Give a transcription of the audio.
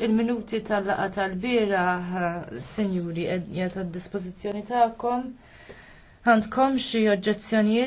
il-minuti tal-laqa tal-bira, sinjuri, e, jgħat għad dispozizjoni ta'kom. Għandkom xie oġġezzjonijiet?